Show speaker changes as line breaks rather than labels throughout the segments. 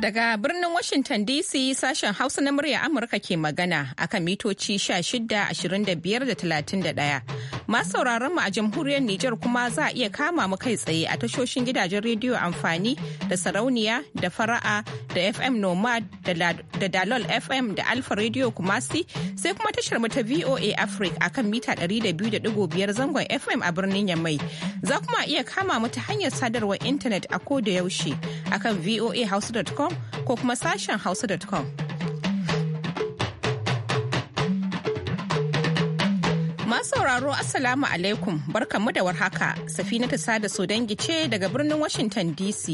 Daga birnin Washington DC sashen Hausa na murya Amurka ke magana akan mitoci 16, 25 da 31. Masu sauraron mu a jamhuriyar Nijar kuma za a iya kama mu kai tsaye a tashoshin gidajen rediyo amfani da sarauniya da fara'a da FM Nomad da Dalol FM da Alfa Radio Kumasi sai kuma tashar mu ta VOA Africa akan mita 200.5 zangon FM a birnin Yamai. Za kuma iya kama mu ta hanyar sadarwar intanet a ko da yaushe akan voahausa.com ko kuma sashen hausa.com. Masu sauraro Assalamu alaikum barkanmu da warhaka safina ta sada dangi ce daga birnin Washington DC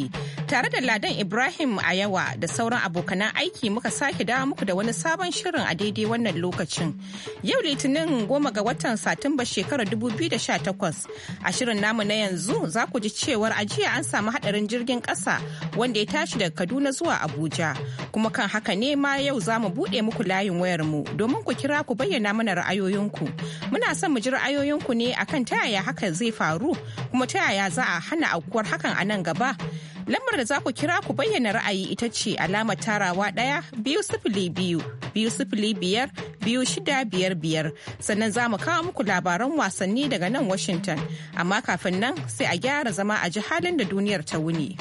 tare da Ladan Ibrahim Ayawa da sauran abokanan aiki muka sake dawo muku da wani sabon shirin a daidai wannan lokacin. Yau Litinin goma ga watan Satumba shekarar 2018 a shirin namu na yanzu za ku ji cewar ajiya an samu hadarin jirgin kasa wanda ya tashi daga Kaduna zuwa Abuja kuma kan haka ne ma yau za mu buɗe muku layin wayar mu domin ku kira ku bayyana mana ra'ayoyinku. Muna muna son mu ji ra'ayoyinku ne akan ta yaya hakan zai faru kuma ta yaya za a hana aukuwar hakan a nan gaba. lamar da za ku kira ku bayyana ra'ayi ita ce alamar tarawa ɗaya biyu sifili biyu biyu sifili biyar biyu shida biyar biyar sannan za mu kawo muku labaran wasanni daga nan Washington amma kafin nan sai a gyara zama a ji halin da duniyar ta wuni.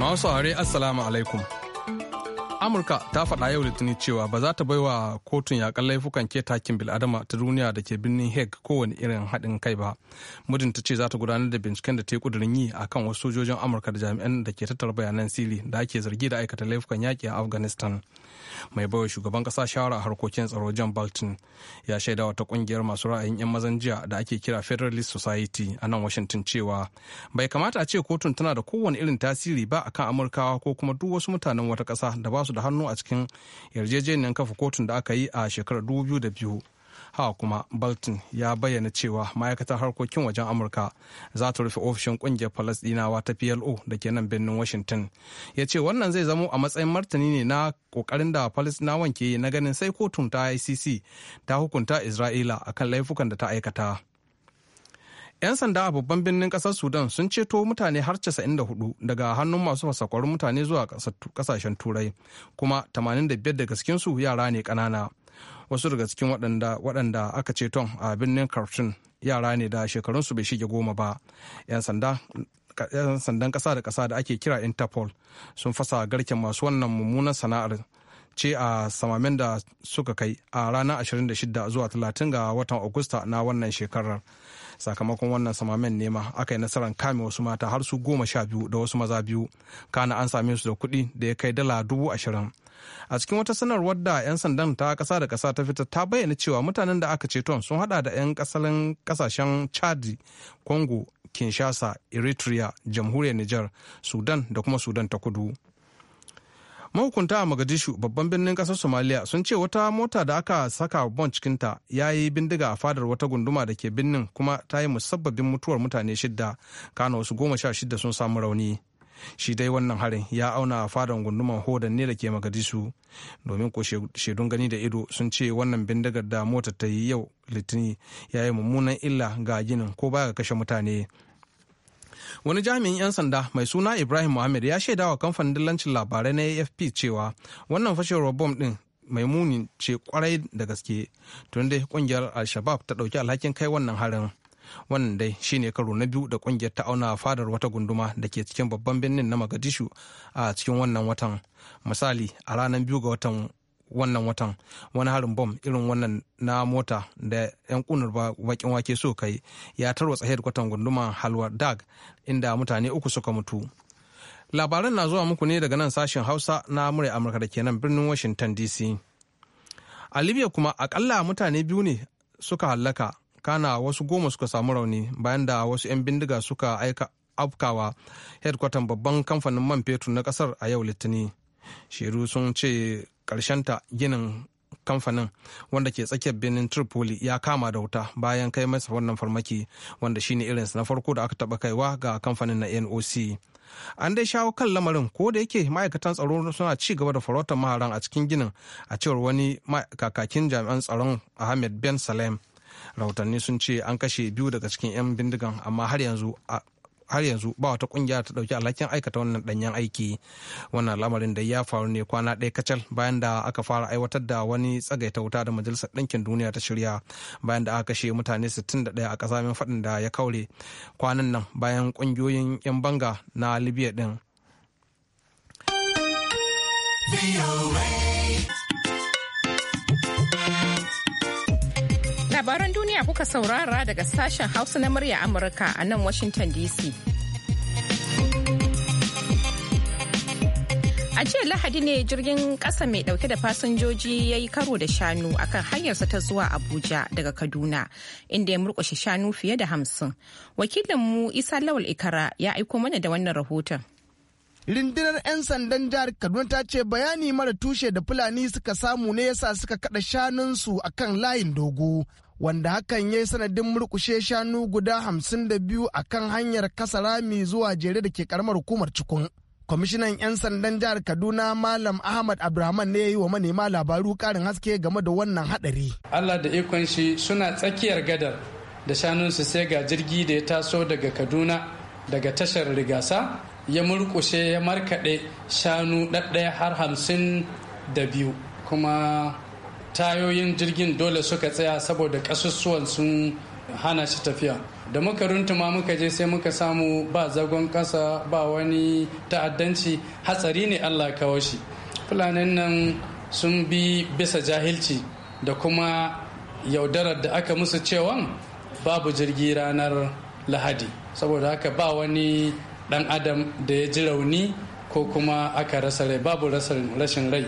Masu aure Assalamu alaikum. amurka ta faɗa yau litinin cewa ba za ta wa kotun yakan laifukan ke takin bil'adama ta duniya da ke birnin hague kowane irin haɗin kai ba mudin ta ce za ta gudanar da binciken da ta yi ƙudurin yi a kan wasu sojojin amurka da jami'an da ke tattara bayanan sili da ake zargi da aikata laifukan yaƙi a afghanistan mai baiwa shugaban ƙasa shawara a harkokin tsaro john bolton ya shaida wata ƙungiyar masu ra'ayin 'yan mazan jiya da ake kira federalist society a nan washington cewa bai kamata a ce kotun tana da kowane irin tasiri ba akan amurkawa ko kuma duk wasu mutanen wata ƙasa da ba su su da hannu a cikin yarjejeniyar kafa kotun da aka yi a shekarar 2002 haka kuma baltin ya bayyana cewa ma'aikatar harkokin wajen amurka za ta rufe ofishin kungiyar falasdinawa ta plo da ke nan birnin washington ya ce wannan zai zamo a matsayin martani ne na kokarin da falasdinawan ke yi na ganin sai kotun ta icc ta hukunta isra'ila akan laifukan da ta aikata 'Yan sanda a babban birnin kasar Sudan sun ceto mutane har 94 daga hannun masu fasakwar mutane zuwa kasashen turai kuma 85 daga cikinsu yara ne kanana Wasu daga cikin waɗanda aka ceton a birnin Khartoum yara ne da shekarunsu bai shige goma ba. 'Yan sandan kasa da kasa da ake kira Interpol sun fasa garken masu wannan mummunan sana'ar ce a samamen da suka kai a ranar 26 zuwa 30 ga watan Agusta na wannan shekarar. Sakamakon wannan samamen nema aka yi nasarar kame wasu mata har su goma sha biyu da wasu maza biyu. Kana an same su da kuɗi da ya kai dala dubu ashirin. A cikin wata sanarwar da 'yan sandan ta kasa da kasa ta fita ta bayyana cewa mutanen da aka ceton sun hada da 'yan kasalin ƙasashen Chadi, Congo, Kinshasa, Eritrea, Jamhuriyar Niger Sudan da kuma Sudan ta kudu. mahukunta a magadishu babban birnin kasar somaliya sun ce wata mota da aka saka bon cikinta ya yi bindiga a fadar wata gunduma da ke birnin kuma ta yi musabbabin mutuwar mutane shidda kana wasu goma sha shidda sun samu rauni shi dai wannan harin ya auna a fadar gunduman hodan ne da ke mogadishu domin ko shaidun gani da ido sun ce wannan bindigar da mota ta yi yau litini ya yi mummunan illa ga ginin ko baya ga kashe mutane wani jami'in 'yan sanda mai suna ibrahim muhammad ya shaidawa kamfanin dillancin labarai na afp cewa wannan fashewar bom din mai muni ce kwarai da gaske tun dai kungiyar al-shabab ta dauki alhakin kai wannan harin wannan dai shine karo na biyu da kungiyar ta auna fadar wata gunduma da ke cikin babban birnin na magadishu a cikin wannan watan misali a ranar biyu ga watan wannan watan wani harin bom irin wannan na mota da 'yan kunar bakin wake so kai ya tarwatsa hedkwatan gunduman halwa dag inda mutane uku suka mutu labaran na zuwa muku ne daga nan sashen hausa na murai amurka da kenan birnin washington dc a libya kuma akalla mutane biyu ne suka hallaka kana wasu goma suka samu rauni bayan da wasu 'yan bindiga suka aika afkawa hedkwatan babban kamfanin man fetur na kasar a yau litinin shiru sun ce ta ginin kamfanin wanda ke tsakiyar birnin tripoli ya kama da wuta bayan kai masa wannan farmaki wanda shine irinsa na farko da aka taba kaiwa ga kamfanin na noc an dai shawo kan lamarin ko da yake ma'aikatan tsaro suna ci gaba da farautar maharan a cikin ginin a cewar wani kakakin jami'an tsaron ahmed ben salem rahotanni sun ce an kashe biyu daga cikin 'yan bindigan amma har yanzu har yanzu ba wata kungiya ta dauki alhakin aikata wannan danyen aiki wannan lamarin da ya faru ne kwana ɗaya kacal bayan da aka fara aiwatar da wani tsagaita wuta da majalisar ɗinkin duniya ta shirya bayan da aka kashe mutane 61 a kasamin faɗin da ya kaure kwanan nan bayan kungiyoyin 'yan banga na libya ɗin
labaran kuka saurara daga sashen Hausa na murya Amurka a nan Washington DC. A jiya Lahadi ne jirgin ƙasa mai ɗauke da fasinjoji ya yi karo da shanu akan hanyarsa ta zuwa Abuja daga Kaduna, inda ya murƙushe shanu fiye da hamsin. Wakilinmu Isa Lawal Ikara ya aiko mana da wannan rahoton.
Rindinar 'yan sandan jihar Kaduna ta ce bayani mara tushe da Fulani suka samu ne yasa suka kaɗa shanunsu a kan layin dogo. wanda hakan ya yi sanadin murkushe shanu guda hamsin da biyu a kan hanyar kasa rami zuwa jere da ke karamar hukumar cikun. Kwamishinan 'yan sandan jihar Kaduna Malam Ahmad Abdulrahman ne ya yi wa manema labaru karin haske game da wannan hadari.
Allah da ikon shi suna tsakiyar gadar da shanunsu sai ga jirgi da ya taso daga Kaduna daga tashar rigasa ya murkushe ya markaɗe shanu ɗaɗɗaya har hamsin da biyu kuma tayoyin jirgin dole suka tsaya saboda ƙasusuwan sun hana shi tafiya da muka runtuma muka je sai muka samu ba zagon ƙasa ba wani ta'addanci hatsari ne allah kawo shi fulanin nan sun bi bisa jahilci da kuma yaudarar da aka musu cewan babu jirgi ranar lahadi saboda haka ba wani dan adam da ya ji rauni ko kuma aka rasa rai babu rashin rai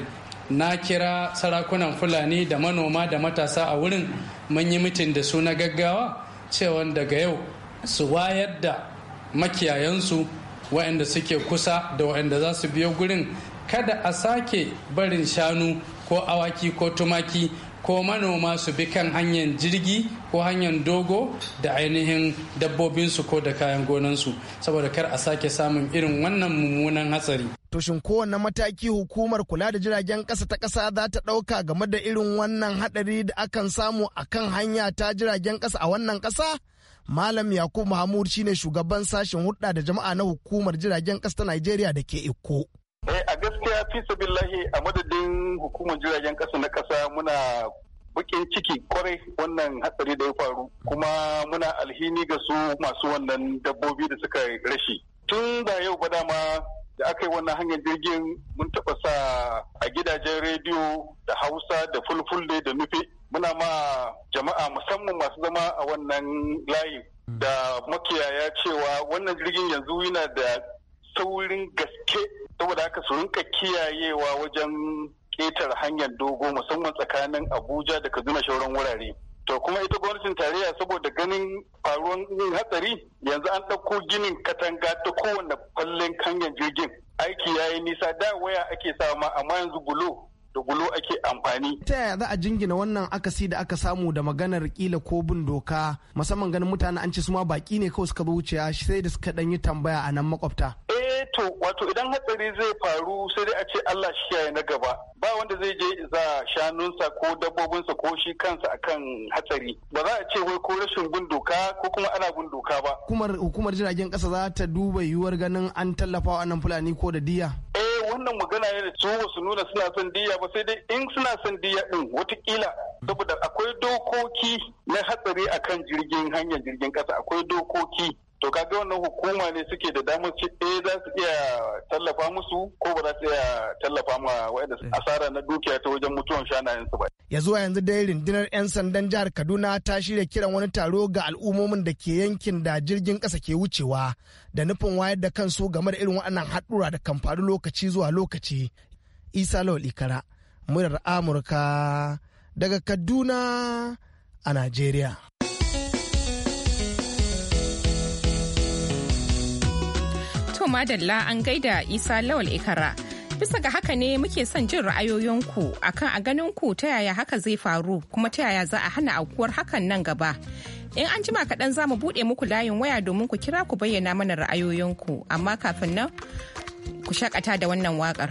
na kira sarakunan fulani da manoma da matasa a wurin mun yi mitin da su na gaggawa cewa daga yau su wayar da makiyayansu waɗanda suke kusa da waɗanda za su biyo gurin kada a sake barin shanu ko awaki ko tumaki ko manoma su bi kan hanyar jirgi ko hanyar dogo da ainihin dabbobinsu ko da kayan gonansu saboda kar a sake samun irin wannan mummunan hatsari.
To shin kowane mataki hukumar kula da jiragen ƙasa ta ƙasa za ta ɗauka game da irin wannan haɗari da akan samu a kan hanya ta jiragen ƙasa a wannan ƙasa? Malam Yakubu Mahmud shine shugaban sashen hulɗa da jama'a na hukumar jiragen ƙasa ta Najeriya da ke Eko. Eh a
gaskiya fi sabillahi a madadin hukumar jiragen kasa na kasa muna bukin ciki kwarai wannan hatsari da ya faru kuma muna alhini ga su masu wannan dabbobi da suka rashi tun da yau ba dama da aka yi wannan hanyar jirgin mun taɓa sa a gidajen rediyo da hausa da fulfulde da nufe muna ma jama'a musamman masu zama a wannan layi da makiyaya cewa wannan jirgin yanzu yana da saurin gaske saboda haka su rinka kiyayewa wajen ƙetar hanyar dogo musamman tsakanin abuja da kaduna shauran wurare to kuma ita gwamnatin tarayya saboda ganin faruwan yin hatsari yanzu an ɗauko ginin katanga ta kowane kwallon hanyar jirgin aiki ya yi nisa da waya ake sama amma yanzu gulo da gulo ake amfani.
Ta yaya za a jingina wannan akasi da aka samu da maganar kila ko bin doka musamman ganin mutane an ci su ma baki ne kawai suka bi wuciya sai da suka dan yi tambaya a nan makwabta.
Eh to wato idan hatsari zai faru sai dai a ce Allah shi ya na gaba ba wanda zai je za shanunsa ko dabbobinsa ko shi kansa a kan hatsari ba za a ce wai ko rashin bin doka ko kuma ana bin doka ba.
Hukumar hukumar jiragen kasa za ta duba yiwuwar ganin an tallafa wa nan Fulani ko da diya.
Eh wannan magana ne da su wasu nuna suna son diya ba sai dai in suna son diya din watakila saboda akwai dokoki na hatsari akan jirgin hanyar jirgin kasa akwai dokoki to kaga wannan hukuma ne suke da damar ce eh, za su iya tallafa musu ko ba za su iya tallafa ma waɗanda eh. asara na dukiya ta wajen mutuwan shanayen su ba
ya a yanzu dai rundunar 'yan sandan jihar kaduna ta shirya kiran wani taro ga al'ummomin da ke yankin da jirgin ƙasa ke wucewa da nufin wayar da kansu game da irin waɗannan haɗura da kamfani lokaci zuwa lokaci isa lawal ikara murar amurka daga kaduna a najeriya
To madalla an gaida Isa Lawal Ikara. Bisa ga haka ne muke son jin ra'ayoyinku akan a ganin ku ta yaya haka zai faru kuma ta yaya za a hana aukuwar hakan nan gaba. In an jima kaɗan za mu buɗe muku layin waya domin ku kira ku bayyana mana ra'ayoyinku amma kafin nan ku shakata da wannan waƙar.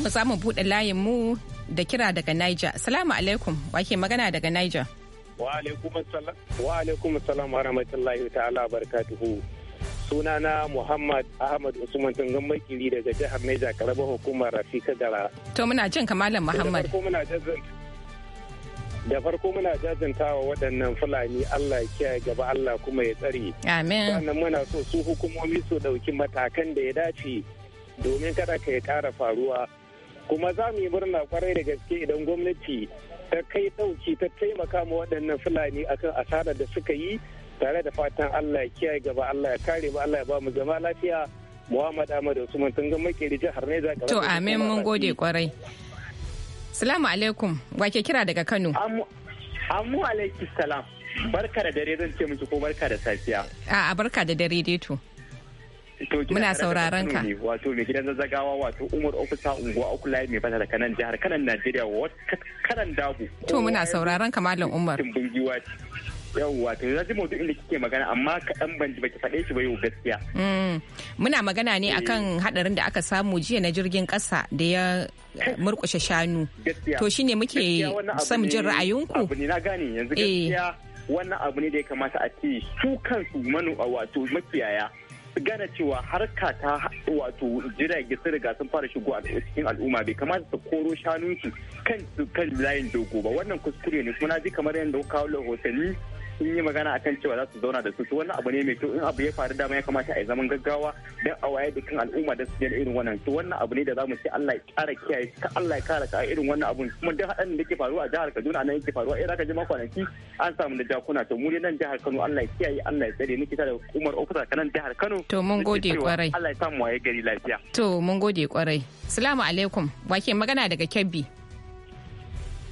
mu samu buɗe layin mu da kira daga Niger. Salamu alaikum, wa ke magana daga Niger.
Wa alaikum salam wa rahmatullahi ta'ala barakatuhu. na Muhammad Ahmad Usman Tungan Makili daga jihar Niger karamar hukumar Rafika Gara.
To muna jin kamalan Muhammad.
Da farko muna wa waɗannan Fulani Allah kiyaye gaba Allah kuma ya tsare. Amin. Sannan muna so su hukumomi su ɗauki matakan da ya dace domin kada ka ya ƙara faruwa. kuma za mu yi murna kwarai da gaske idan gwamnati ta kai ɗauki ta taimaka ma waɗannan fulani akan asarar da suka yi tare da fatan allah ya kiyaye gaba allah ya kare mu allah ya ba mu zama
lafiya muhammad ahmad usman tun ga makeri jihar ka to amin mun gode
kwarai salamu alaikum wake kira daga kano
amu alaikum salam barka da dare zan ce miki ko barka da safiya
a'a barka da dare dai to
Muna sauraron ka. Wato mai gidan zazzagawa wato Umar Ofisa Unguwa Okulaye mai fata da kanan jihar kanan Najeriya kanan dabu. To muna
sauraron ka Malam Umar.
yawwa to na ji inda kike magana amma kaɗan ban ji baki faɗe shi ba yau gaskiya.
Mm. muna magana ne eh. akan haɗarin da aka samu jiya na jirgin ƙasa da ya eh, murƙushe shanu to shine muke son jin ra'ayinku.
abu ne na gane yanzu eh. gaskiya wannan abu ne da ya kamata a ce su kansu manu wato makiyaya su gane cewa harka ta wato jirage sun riga sun fara shigo a cikin al'umma bai kamata su koro shanunsu kan su kan layin dogo ba wannan kuskure ne kuma na ji kamar yadda kawo rahotanni sun yi magana akan cewa za su zauna da su to wannan abu ne mai kyau in abu ya faru dama ya kamata a yi zaman gaggawa don a waye dukkan al'umma da su je irin wannan to wannan abu ne da za mu ce Allah ya kara kiyaye ka Allah ya kara ka irin wannan abun kuma duk hadan da ke faruwa a jihar Kaduna nan yake faruwa idan eh, ka ji ma kwanaki an samu da jakuna to mu ne nan jihar Kano Allah ya kiyaye Allah ya tsare nake da Umar Ofisa kanan jihar Kano to mun gode
kwarai Allah ya samu waye gari lafiya to mun gode kwarai salamu alaikum wake magana daga Kebbi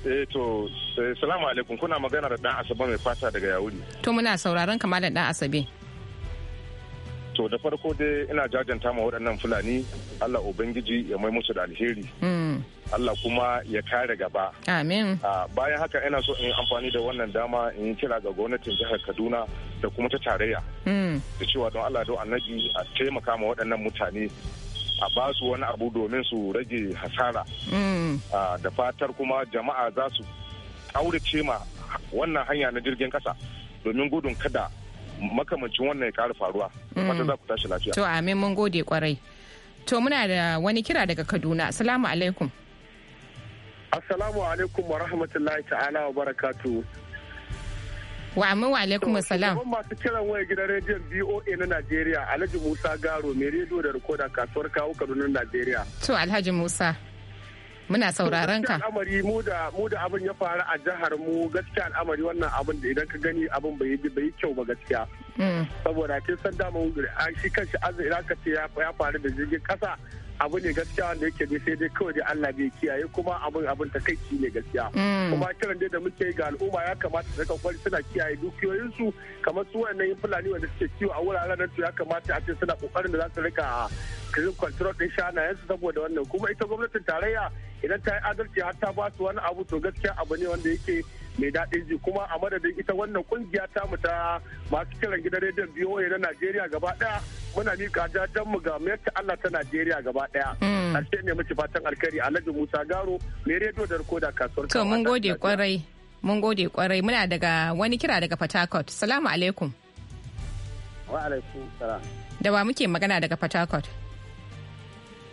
Eh to, eh, salamu alaikum kuna magana da dan Asabe mai fata daga yahudi.
To muna sauraron kama da dan Asabe.
To da farko dai ina jajanta ma waɗannan Fulani, Allah Ubangiji ya mai musu da alheri. Hmm. Allah kuma ya kare gaba. Amin. Bayan haka ina so in yi amfani da wannan dama in yi kira ga gwamnatin jihar Kaduna da kuma ta tarayya. Hmm. Da cewa don Allah don annabi a taimaka ma waɗannan mutane a ba su wani abu domin su rage hasara mm. da fatar kuma jama'a za su aurace ma wannan hanya na jirgin kasa domin gudun kada makamancin wannan ya kara faruwa mata mm. za ku tashi lafiya to amin
mun gode kwarai to muna da wani kira daga kaduna assalamu alaikum
assalamu alaikum wa rahmatullahi ta'ala wa barakatu.
Wa amin wa alaikum salam.
Shugaban masu kiran waya gidan rediyon BOA na Najeriya Alhaji Musa Garo mai rediyo da rikoda kasuwar kawo Kaduna Najeriya.
To Alhaji Musa. Muna sauraron ka.
Al'amari mu da mu da abin ya faru a jihar mu gaskiya al'amari wannan abin da idan ka gani abin bai yi kyau ba gaskiya. Mm. Saboda kin san dama shi kanshi azumi ka ce ya faru da jirgin kasa abu ne gaskiya wanda yake ne sai dai kawai da Allah bai kiyaye kuma abin abin ta kai ne gaskiya mm. kuma kiran dai da muke ga al'umma ya kamata su kwari suna kiyaye dukiyoyin su kamar su wannan fulani wanda suke kiwo a wuraren nan to ya kamata a ce suna kokarin da za su rika kirin din shanayen su saboda wannan kuma ita gwamnatin tarayya idan ta yi adalci har ta ba su wani abu to gaskiya abu ne wanda yake mai daɗin ji kuma a madadin ita wannan kungiya ta mu ta masu kiran gidan rediyon biyo na Najeriya gaba ɗaya muna mika jajen mu ga mayarta Allah ta Najeriya gaba daya. ce hmm. ne miki fatan alkari Alhaji Musa Garo mai rediyo da rikoda kasuwar. To mun gode
kwarai. Mun gode kwarai muna daga wani kira daga Port Salamu alaikum.
Wa alaikum salam.
Da ba muke magana daga Port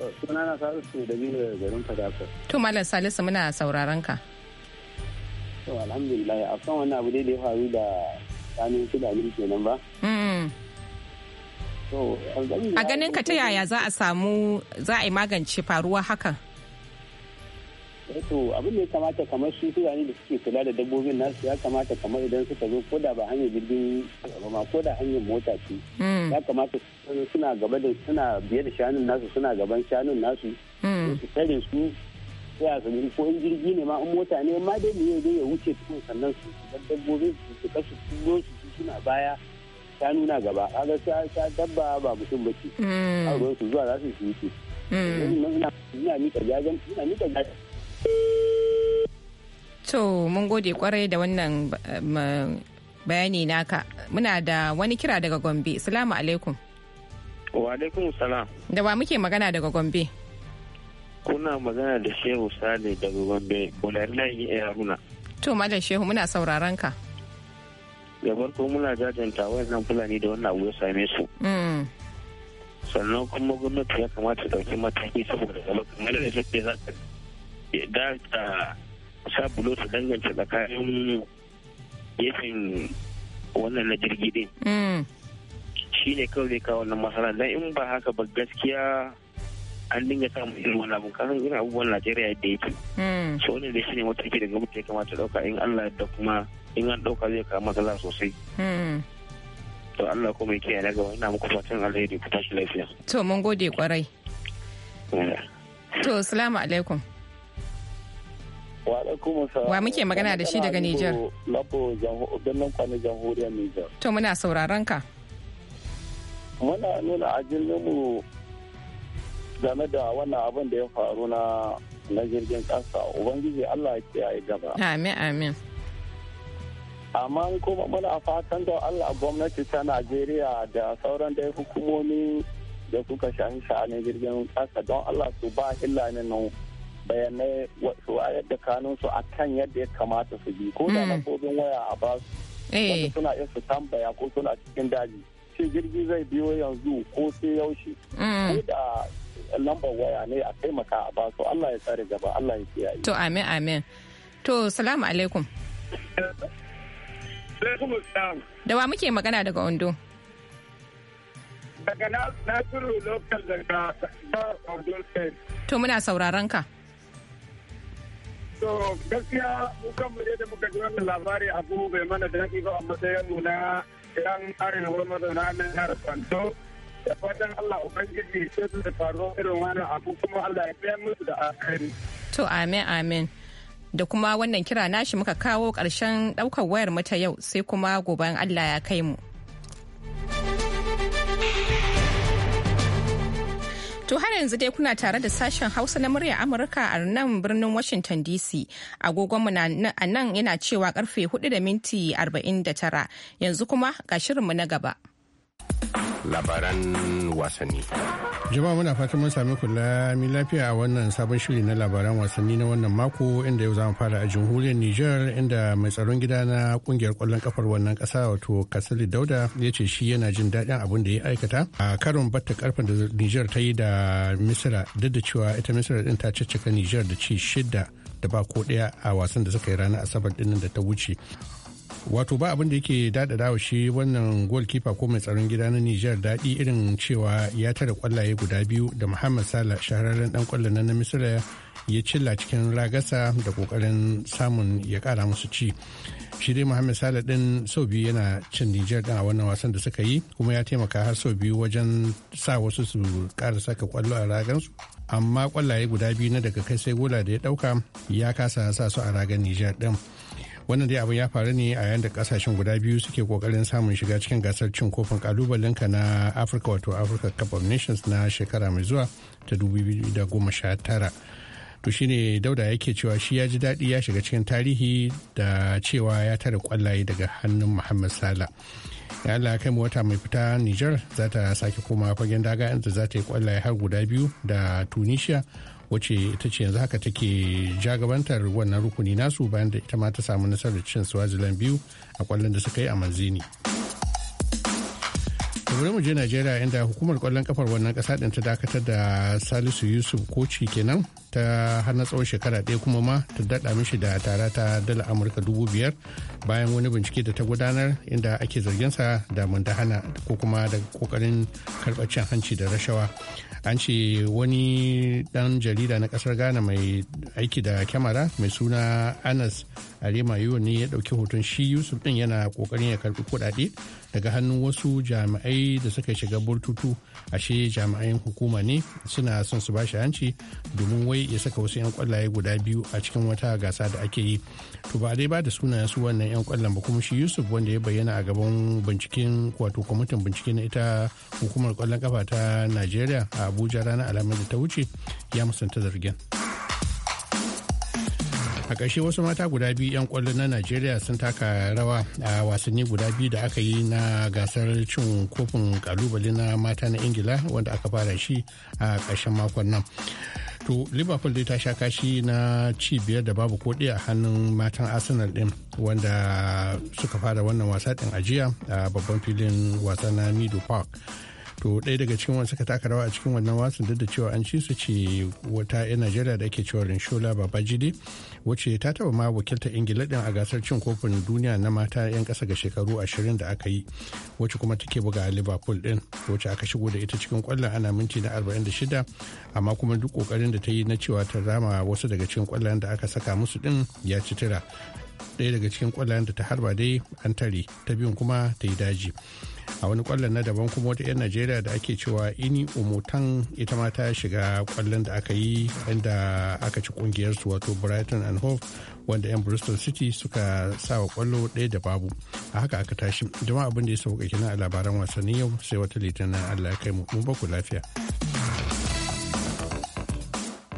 oh, Sunana Salisu da biyu da garin Port
To Malam Salisu muna sauraron ka.
To alhamdulillah a kan wani abu dai da ya faru da tsanin su da kenan ba.
Hmm. a ganin ka ta yaya za a samu za a yi magance faruwa hakan
eh, to abin da ya kamata kamar su ne da suke kula da dabbobin nasu ya kamata kamar idan suka zo ko da ba hanyar jirgin ba ko da hanyar mota ce hmm. ya kamata suna gaba da suna biye da shanun nasu suna gaban shanun nasu hmm. su tare su sai a sami ko in jirgi ne ma in mota ne ma dai ne ya wuce cikin sannan su dabbobin su su kasu su suna baya ta nuna gaba kaga ta dabba ba mutum ba ce mm. a ruwan su zuwa za su shi wuce
mm.
ina mika jajen ina mika jajen
to mun gode kwarai da wannan um, bayani naka muna da wani kira daga gombe salamu alaikum
wa alaikum salam
da wa muke magana daga gombe
kuna magana da shehu sale daga gombe kularin na yi haruna
to malam shehu muna sauraron ka
da ko muna jajanta wayannan fulani da wannan abu ya same su mm. sannan kuma gwamnati ya kamata ɗauki mataki saboda gaba kamar da take za ta da ta sa bulo su danganta kayan gefen wannan na jirgi din mm. shi ne kawai zai kawo wannan masana dan in ba haka ba gaskiya an dinga samun irin wannan abu. kasan irin abubuwan najeriya yadda yake
mm. so
ne da shi ne mataki da gwamnati ya kamata ɗauka in allah da kuma in an ɗauka zai kawo matsala sosai. Hmm. To Allah kuma ya kiyaye daga wani muku fatan alheri ku tashi lafiya.
To mun gode kwarai. Eh. To salamu alaikum.
Wa alaikum salam. Wa muke magana da shi daga Nijar? Labo Bello Kwani Jamhuriyar Nijar.
To muna sauraron ka.
Muna nuna mu game da wannan abin da ya faru na na jirgin ƙasa Ubangiji Allah ya kiyaye gaba.
Amin amin.
amma kuma muna fatan da allah gwamnati ta najeriya da sauran dai hukumomi da suka shafi sha'anin jirgin ƙasa don allah su ba hillanin nan bayanai su a yadda kanunsu a kan yadda ya kamata su bi ko da hmm. lafobin waya a ba su eh. suna iya su tambaya ko suna cikin daji shi jirgi zai biyo yanzu ko sai yaushe hmm. ko da lambar waya ne a taimaka a ba su allah ya tsare gaba allah ya kiyaye
to amin amin to salamu alaikum Da wa muke magana daga Ondo?
Daga Nasiru Lokal daga Ondo State.
To muna sauraron ka.
To gaskiya mukan mu da muka ji wannan labari abu bai mana daɗi ba a matsayin mu na yan arewa mazauna na har Kwanto. Da fatan Allah Ubangiji sai su da faruwa irin wani abu kuma Allah ya biya musu da akari.
To amin amin. da kuma wannan kira nashi muka kawo ƙarshen ɗaukar wayar mata yau sai kuma gobe Allah ya kai mu. To har yanzu dai kuna tare da sashen Hausa na murya Amurka a nan birnin Washington DC. Agogonmu a nan yana cewa karfe 4 da minti 49. Yanzu kuma ga shirinmu na gaba.
labaran wasanni. Jama'a muna fatan mun sami kula mi lafiya a wannan sabon shiri na labaran wasanni na wannan mako inda yau zamu fara a jamhuriyar Nijar inda mai tsaron gida na kungiyar kwallon kafar wannan kasa wato Kasali Dauda ya ce shi yana jin daɗin abin da ya aikata a karon batta karfin da Nijar ta yi da Misira duk da cewa ita Misira din ta caccaka Nijar da ci shida da ba ko ɗaya a wasan da suka yi ranar Asabar dinnan da ta wuce. wato ba abin da yake daɗaɗa wa shi wannan goalkeeper ko mai tsaron gida na Nijar daɗi irin cewa ya tare kwallaye guda biyu da Muhammad Salah shahararren dan kwallo na Misira ya cilla cikin ragasa da kokarin samun ya kara musu ci. Shi dai Muhammad Salah din sau biyu yana cin Nijar din a wannan wasan da suka yi kuma ya taimaka har sau biyu wajen sa wasu su kara saka kwallo a ragansu. Amma kwallaye guda biyu na daga kai sai gola da ya ɗauka ya kasa sa su a ragan Nijar din. wannan dai abin ya faru ne a yayin kasashen guda biyu suke kokarin samun shiga cikin gasar cin kofin kalubalen ka na africa wato africa cup of nations na shekara mai zuwa ta 2019 to shine dauda yake cewa shi ya ji daɗi ya shiga cikin tarihi da cewa ya tare kwallaye daga hannun muhammad sala ya Allah kai mu wata mai fita niger za ta sake koma fagen daga inda za ta yi kwallaye har guda biyu da tunisia wacce ita ce yanzu haka take jagabantar wannan rukuni nasu bayan da ita ma ta samu nasarar cin swaziland biyu a kwallon da suka yi a manzini bari mu je najeriya inda hukumar kwallon kafar wannan kasa din ta dakatar da salisu yusuf koci kenan ta hana tsawon shekara ɗaya kuma ma ta daɗa mishi da tara ta dala amurka dubu biyar bayan wani bincike da ta gudanar inda ake zargin sa da hana ko kuma da kokarin karɓar cin hanci da rashawa an ce wani dan jarida na kasar ghana mai aiki da kyamara mai suna anas arema yiwu ne ya dauki hoton shi yusuf din yana kokarin ya karbi kudade daga hannun wasu jami'ai da suka shiga burtutu ashe jami'an hukuma ne suna son su bashi hanci domin wai ya saka wasu 'yan kwallaye guda biyu a cikin wata gasa da ake yi to ba dai ba da sunayen su wannan 'yan kwallon ba kuma shi yusuf wanda ya bayyana a gaban binciken wato kwamitin bincike na ita hukumar kwallon kafa ta najeriya a abuja ranar alamar da ta wuce ya musanta zargin a ƙarshe wasu mata guda biyu 'yan kwallo na nigeria sun taka rawa a wasanni guda biyu da aka yi na gasar cin kofin kalubale na mata na ingila wanda aka fara shi a ƙarshen makon nan to liverpool dai ta sha kashi na cibiyar da babu koɗi a hannun matan arsenal ɗin wanda suka fara wannan wasa ɗin ajiya a babban filin wasa na mido park to ɗaya daga cikin wasu suka taka rawa a cikin wannan wasan duk da cewa an ci su ce wata 'yan najeriya da ake cewa rinshola babajide wacce ta taba ma wakiltar ingila din a gasar cin kofin duniya na mata 'yan ƙasa ga shekaru ashirin da aka yi wacce kuma take buga a liverpool din wacce aka shigo da ita cikin kwallon ana minti na 46 amma kuma duk kokarin da ta yi na cewa ta rama wasu daga cikin kwallon da aka saka musu din ya ci tira ɗaya daga cikin ƙwallayen da ta harba dai an tare ta biyun kuma ta yi daji a wani kwallon na daban kuma wata 'yan najeriya da ake cewa ini umutan ita ma ta shiga kwallon da aka yi inda aka ci ƙungiyarsu wato brighton and hove wanda 'yan bristol city suka sa wa ƙwallo ɗaya da babu a haka aka tashi jama'a abin da ya sauka kenan a labaran wasanni yau sai wata litinin allah ya kai mu mun baku lafiya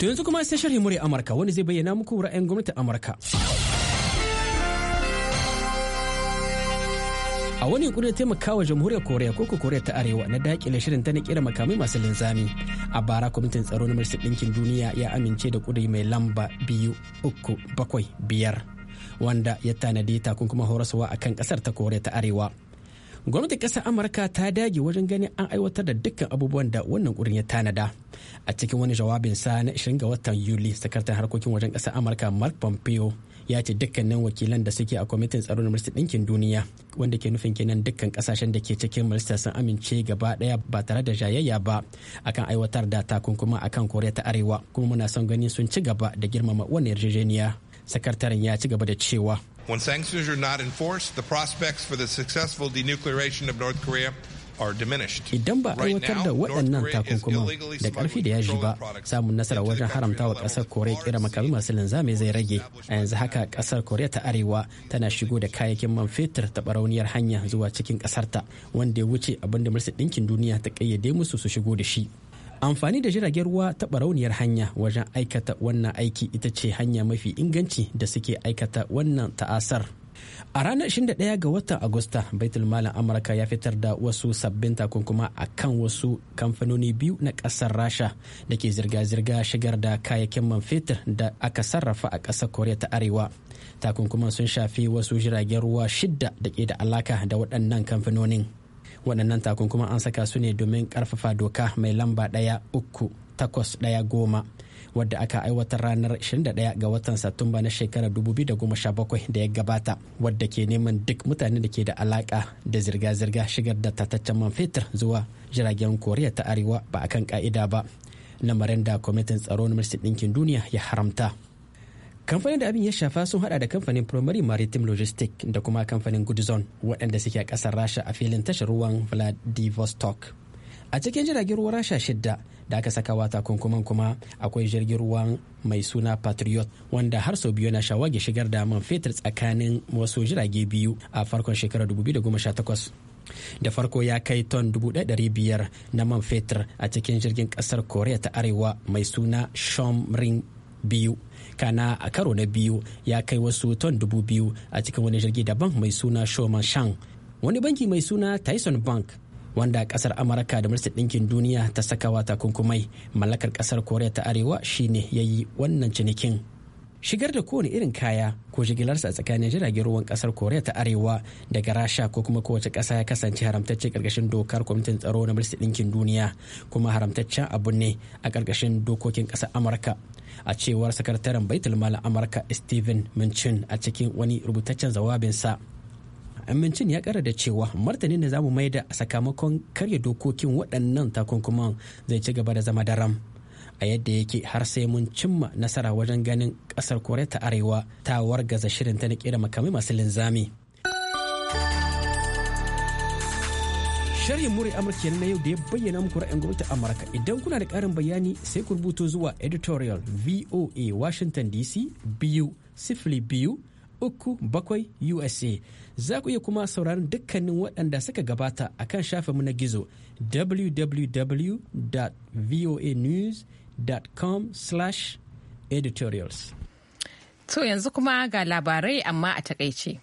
to yanzu kuma sai sharhi murya amurka wanda zai bayyana muku ra'ayin gwamnatin amurka a wani yankunan taimakawa jamhuriyar koriya koko koriya ta arewa na dakile shirin ta na kira makamai masu linzami a bara kwamitin tsaro na majalisar ɗinkin duniya ya amince da kudi mai lamba biyu uku bakwai biyar wanda ya tanadi takunkuma horaswa a kan ƙasar ta koriya ta arewa gwamnatin ƙasar amurka ta dage wajen ganin an aiwatar da dukkan abubuwan da wannan ƙurin ya tanada a cikin wani jawabinsa na 20 ga watan yuli sakataren harkokin wajen ƙasar amurka mark pompeo ya ce dukkanin wakilan da suke a kwamitin tsaro na majalisar ɗinkin duniya wanda ke nufin kenan dukkan kasashen da ke cikin majalisar sun amince gaba daya ba tare da jayayya ba akan aiwatar da takunkuma akan koriya ta arewa kuma muna son gani sun ci gaba da girmama wannan yarjejeniya sakataren ya ci gaba da cewa
When sanctions are not enforced, the prospects for the successful denuclearation of North Korea Idan ba a aiwatar da waɗannan
takunkuma da ƙarfi da yaji ba, samun nasara wajen haramta wa ƙasar Koriya kira makamin masu linzami zai rage. A yanzu haka ƙasar Koriya ta Arewa tana shigo da kayayyakin man fetur ta barauniyar hanya zuwa cikin ƙasarta wanda ya wuce abin da Majalisar Ɗinkin Duniya ta ƙayyade musu su shigo da shi. amfani da jiragen ruwa ta barauniyar hanya wajen aikata wannan aiki ita ce hanya mafi inganci da suke aikata wannan ta'asar A ranar 21 ga watan Agusta, Baitul Malam Amurka ya fitar da wasu sabbin takunkuma a kan wasu kamfanoni biyu na ƙasar Rasha da ke zirga-zirga shigar da kayakin man fetur da aka sarrafa a ƙasar Koriya ta Arewa. Takunkuman sun shafi wasu jiragen ruwa shidda da ke da alaka da waɗannan kamfanonin. Waɗannan takunkuman an saka su ne domin ƙarfafa doka mai lamba ɗaya uku takwas ɗaya goma wadda aka aiwatar ranar 21 ga watan Satumba na shekarar 2017 da ya gabata wadda ke neman duk mutane da ke da alaka da zirga-zirga shigar da tataccen man fetur zuwa jiragen Koriya ta Arewa ba akan ka'ida ba. Lamarin da kwamitin tsaro na Ɗinkin Duniya ya haramta. kamfanin da abin ya shafa sun hada da kamfanin primary maritime logistic da kuma kamfanin goodzone waɗanda suke a ƙasar rasha a filin tashar ruwan vladivostok a cikin jiragen ruwa rasha shidda da aka saka wata kunkuman kuma akwai jirgin ruwa mai suna patriot wanda har sau biyu na shawage shigar da man fetur tsakanin wasu jirage biyu a farkon shekarar 2018 da farko ya kai ton 1,500 na man fetur a cikin jirgin kasar korea ta arewa mai suna shomrin biyu kana a karo na biyu ya kai wasu ton dubu a cikin wani jirgi daban mai suna shoman shang wani banki mai suna tyson bank wanda kasar amurka da majalisar ɗinkin duniya ta sakawa takunkumai mallakar kasar koriya ta arewa shine ya yi wannan cinikin shigar da kowane irin kaya ko jigilarsa a tsakanin jiragen ruwan kasar koriya ta arewa daga rasha ko kuma kowace kasa ya kasance haramtacce karkashin dokar kwamitin tsaro na majalisar ɗinkin duniya kuma haramtaccen abu ne a karkashin dokokin kasar amurka a cewar sakataren baitulmalin amurka steven mincin a cikin wani rubutaccen jawabinsa amincin ya kara da cewa martanin da zamu maida a sakamakon karya dokokin waɗannan takunkuman zai ci gaba da zama daram a yadda yake har sai mun cimma nasara wajen ganin ƙasar koriya ta arewa ta wargaza shirin ta na kera makamai masu linzami sharhin muri amurka na yau da ya bayyana muku ra'ayin gwamnati amurka idan kuna da ƙarin bayani sai ku rubuto zuwa editorial voa washington dc biyu sifili biyu uku bakwai USA. Za ku iya kuma sauraron dukkanin waɗanda suka gabata a kan mu na gizo www.voanews.com editorials.
To yanzu kuma ga labarai amma a takaice.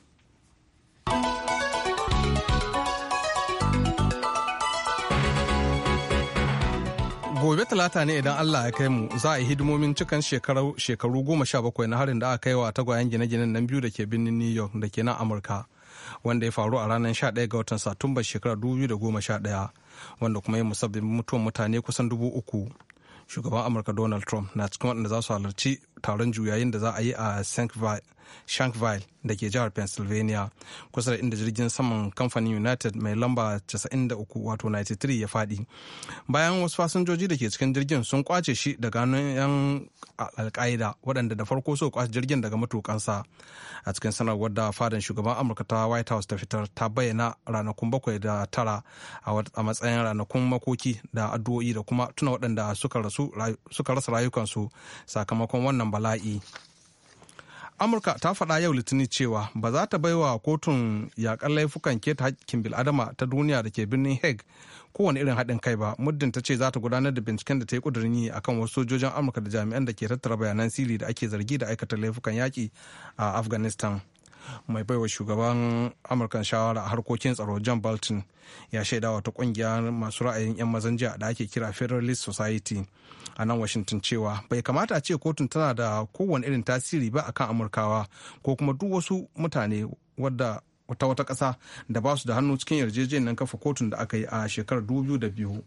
gobe talata ne idan allah ya kai mu za a yi hidimomin cikan shekaru goma sha bakwai na harin da aka kai wa tagwayen gine-ginen nan biyu da ke birnin new york da ke nan amurka wanda ya faru a ranar sha 11 ga watan satumba shekarar 2011 wanda kuma ya musabbin mutuwan mutane kusan dubu uku shugaban amurka donald trump na cikin waɗanda za su halarci taron juyayin da za a yi a st shankville da ke jihar pennsylvania kusa da inda jirgin saman kamfanin united mai lamba 93 wato 93 ya faɗi bayan wasu fasinjoji da ke cikin jirgin sun kwace shi daga hannun 'yan alkaida waɗanda da farko so kwace jirgin daga matukansa a cikin sanarwar da fadan shugaban amurka ta white house ta fitar ta bayyana ranakun bakwai da tara a matsayin ranakun makoki da addu'o'i da kuma tuna waɗanda suka rasa rayukansu sakamakon wannan bala'i. amurka ta faɗa yau litinin cewa ba za ta baiwa kotun yaƙar laifukan keta hakkin bil'adama ta duniya da ke birnin hague kowane irin haɗin kai ba muddin ta ce za ta gudanar da binciken da ta yi ƙudurin yi a kan wasu sojojin amurka da jami'an da ke tattara bayanan sirri da ake zargi da aikata laifukan yaƙi a afghanistan mai baiwa shugaban amurkan shawara a harkokin tsaro john bolton ya shaida ta kungiya masu ra'ayin 'yan mazan jiya da ake kira federalist society a nan washington cewa bai kamata a ce kotun tana da kowane irin tasiri ba akan amurkawa ko kuma duk wasu mutane wadda wata wata ƙasa da ba su da hannu cikin yarjejeniyar kafa kotun da aka yi a shekarar 2002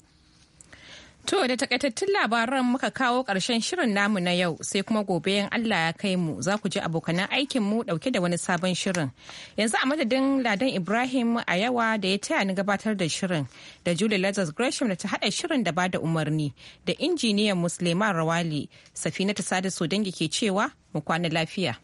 To da takaitattun labaran muka kawo ƙarshen shirin namu na yau sai kuma gobe yan Allah ya kai mu za ku ji abokanan aikin mu dauke da wani sabon shirin. Yanzu a madadin Ladan Ibrahim a yawa da ya taya ni gabatar da shirin da Julie Lazarus Gresham da ta haɗa shirin da bada umarni da injiniyan Musliman Rawali Safinatu Sadisu dangi ke cewa mu kwana lafiya.